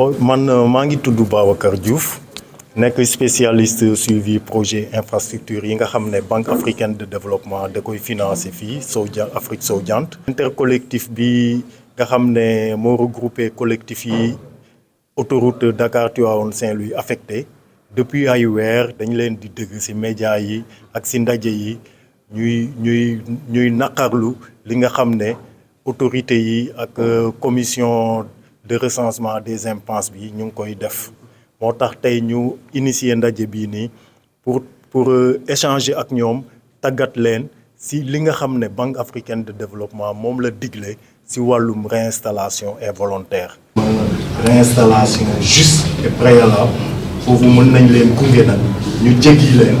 o oh, man euh, maa ngi tudd baaw a Babacar Diouf nekk spécialiste suivi projet infrastructure yi nga xam ne Banque africaine de développement da koy financé fii sow Afrique sow jant intercollectif bi nga xam ne moo regroupé collectif yi autoroute Dakar Tivaouane Saint-Louis affecté depuis ay weer dañ leen di dégg si média yi ak si ndaje yi ñuy ñuy ñuy naqarlu li nga xam ne autorité yi ak euh, commission de recensement des impenses bi ñu ngi koy def moo tax tey ñu initier ndaje bii nii pour pour euh, échanger ak ñoom tàggat leen si li nga xam ne Banque africaine de développement moom la digle si wàllum réinstallation et volontaire réinstallation juste et préalable foofu mën nañ leen gunge nag ñu jéggi leen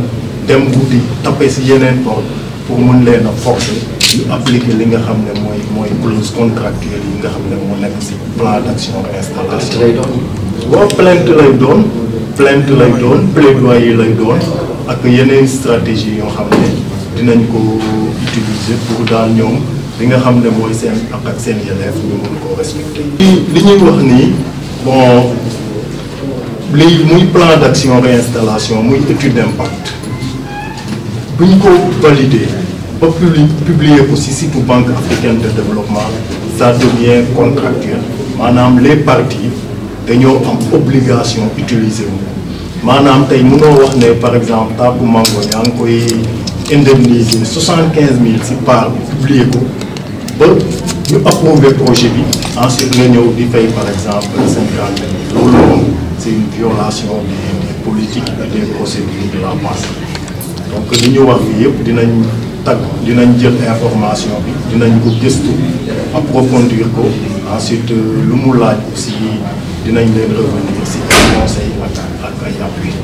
dem wuti tappe si yeneen tool pour mën leen a forcer ñu appliquer li nga xam ne mooy mooy clause contractuelle yi nga xam ne moo nekk si plan d'action installation waaw plainte lay doon plainte lay doon plaidoyer lay doon ak yeneen stratégie yoo xam ne dinañ ko utiliser pour daal ñoom li nga xam ne mooy seen ak ak seen yelleef ñu mun koo respecter li ñuy wax nii bon li muy plan d'action réinstallation muy étude d'impact bu ñu ko valider ba publi publier ko si site banque africaine de développement ça devient contractuel maanaam les parties dañoo am obligation utiliser wu maanaam tey mënoo wax ne par exemple Taabu Mango yaa ngi koy indemniser soixante quinze mille si part bi publier ba ñu approuver projet bi ensuite nga ñëw di fay par exemple cinquante mille loolu moom c' une violation des des politiques et des de la passe donc li ñu wax bi yëpp dinañ. tag dinañ jël information bi dinañ ko gëstu approfondir ko ensuite euh, lu mu laaj aussi dinañ leen revenir si ay conseil ak ak ay appui